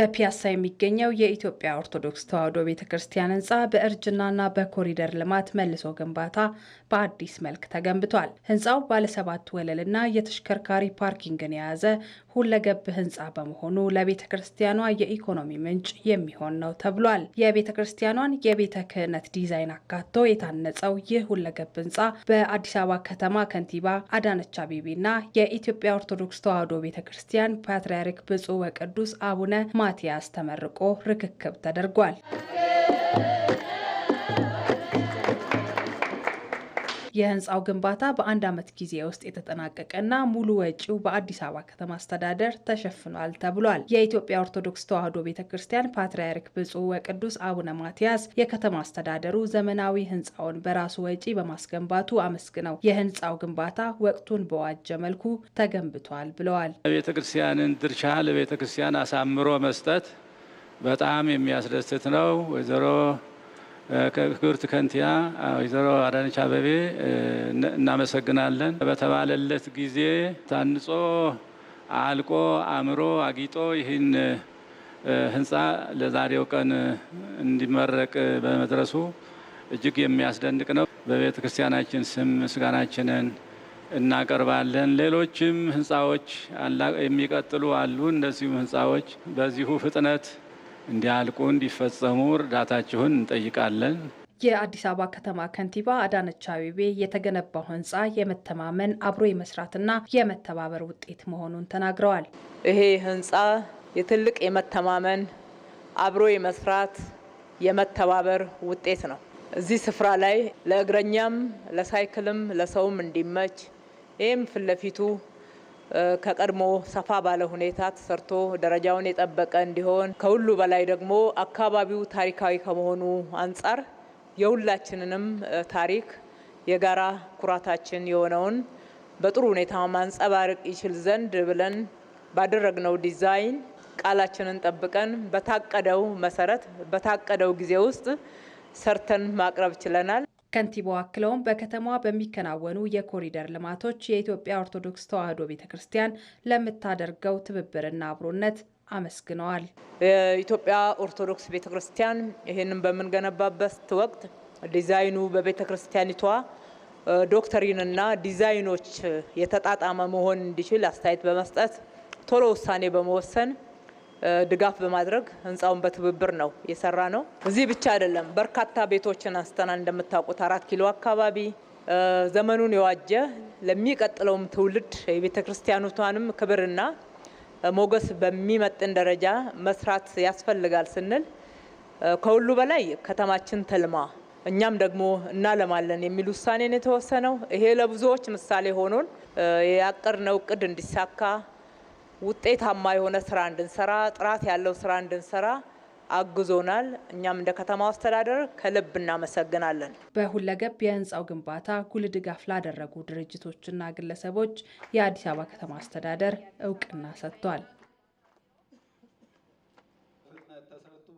በፒያሳ የሚገኘው የኢትዮጵያ ኦርቶዶክስ ተዋሕዶ ቤተ ክርስቲያን ህንፃ በእርጅናና በኮሪደር ልማት መልሶ ግንባታ በአዲስ መልክ ተገንብቷል። ህንፃው ባለሰባት ወለልና የተሽከርካሪ ፓርኪንግን የያዘ ሁለገብ ህንፃ በመሆኑ ለቤተ ክርስቲያኗ የኢኮኖሚ ምንጭ የሚሆን ነው ተብሏል። የቤተ ክርስቲያኗን የቤተ ክህነት ዲዛይን አካቶ የታነጸው ይህ ሁለገብ ህንፃ በአዲስ አበባ ከተማ ከንቲባ አዳነች አቤቤና የኢትዮጵያ ኦርቶዶክስ ተዋሕዶ ቤተ ክርስቲያን ፓትርያርክ ብፁዕ ወቅዱስ አቡነ ማትያስ ተመርቆ ርክክብ ተደርጓል። የህንፃው ግንባታ በአንድ ዓመት ጊዜ ውስጥ የተጠናቀቀና ሙሉ ወጪው በአዲስ አበባ ከተማ አስተዳደር ተሸፍኗል ተብሏል። የኢትዮጵያ ኦርቶዶክስ ተዋሕዶ ቤተ ክርስቲያን ፓትርያርክ ብፁዕ ወቅዱስ አቡነ ማትያስ የከተማ አስተዳደሩ ዘመናዊ ህንፃውን በራሱ ወጪ በማስገንባቱ አመስግነው የህንፃው ግንባታ ወቅቱን በዋጀ መልኩ ተገንብቷል ብለዋል። ቤተ ክርስቲያንን ድርሻ ለቤተ ክርስቲያን አሳምሮ መስጠት በጣም የሚያስደስት ነው። ወይዘሮ ክብርት ከንቲያ ወይዘሮ አዳነች አበቤ እናመሰግናለን። በተባለለት ጊዜ ታንጾ አልቆ አምሮ አጊጦ ይህን ህንፃ ለዛሬው ቀን እንዲመረቅ በመድረሱ እጅግ የሚያስደንቅ ነው። በቤተ ክርስቲያናችን ስም ምስጋናችንን እናቀርባለን። ሌሎችም ህንፃዎች የሚቀጥሉ አሉ። እንደዚሁም ህንፃዎች በዚሁ ፍጥነት እንዲያልቁ እንዲፈጸሙ እርዳታችሁን እንጠይቃለን። የአዲስ አበባ ከተማ ከንቲባ አዳነች አቤቤ የተገነባው ህንፃ የመተማመን አብሮ የመስራትና የመተባበር ውጤት መሆኑን ተናግረዋል። ይሄ ህንፃ የትልቅ የመተማመን አብሮ የመስራት የመተባበር ውጤት ነው። እዚህ ስፍራ ላይ ለእግረኛም ለሳይክልም ለሰውም እንዲመች ይህም ፊት ለፊቱ ከቀድሞ ሰፋ ባለ ሁኔታ ተሰርቶ ደረጃውን የጠበቀ እንዲሆን ከሁሉ በላይ ደግሞ አካባቢው ታሪካዊ ከመሆኑ አንጻር የሁላችንንም ታሪክ የጋራ ኩራታችን የሆነውን በጥሩ ሁኔታ ማንጸባረቅ ይችል ዘንድ ብለን ባደረግነው ዲዛይን ቃላችንን ጠብቀን በታቀደው መሰረት በታቀደው ጊዜ ውስጥ ሰርተን ማቅረብ ችለናል። ከንቲባው አክለውም በከተማዋ በሚከናወኑ የኮሪደር ልማቶች የኢትዮጵያ ኦርቶዶክስ ተዋሕዶ ቤተ ክርስቲያን ለምታደርገው ትብብርና አብሮነት አመስግነዋል። የኢትዮጵያ ኦርቶዶክስ ቤተ ክርስቲያን ይህንን በምንገነባበት ወቅት ዲዛይኑ በቤተ ክርስቲያኒቷ ዶክተሪንና ዲዛይኖች የተጣጣመ መሆን እንዲችል አስተያየት በመስጠት ቶሎ ውሳኔ በመወሰን ድጋፍ በማድረግ ህንፃውን በትብብር ነው የሰራ ነው። እዚህ ብቻ አይደለም፣ በርካታ ቤቶችን አንስተናል። እንደምታውቁት አራት ኪሎ አካባቢ ዘመኑን የዋጀ ለሚቀጥለውም ትውልድ የቤተ ክርስቲያኖቷንም ክብርና ሞገስ በሚመጥን ደረጃ መስራት ያስፈልጋል ስንል ከሁሉ በላይ ከተማችን ተልማ እኛም ደግሞ እናለማለን የሚል ውሳኔን የተወሰነው። ይሄ ለብዙዎች ምሳሌ ሆኖን ያቀድነው እቅድ እንዲሳካ ውጤታማ የሆነ ስራ እንድንሰራ ጥራት ያለው ስራ እንድንሰራ አግዞናል። እኛም እንደ ከተማ አስተዳደር ከልብ እናመሰግናለን። በሁለገብ የህንፃው ግንባታ ጉልህ ድጋፍ ላደረጉ ድርጅቶችና ግለሰቦች የአዲስ አበባ ከተማ አስተዳደር እውቅና ሰጥቷል።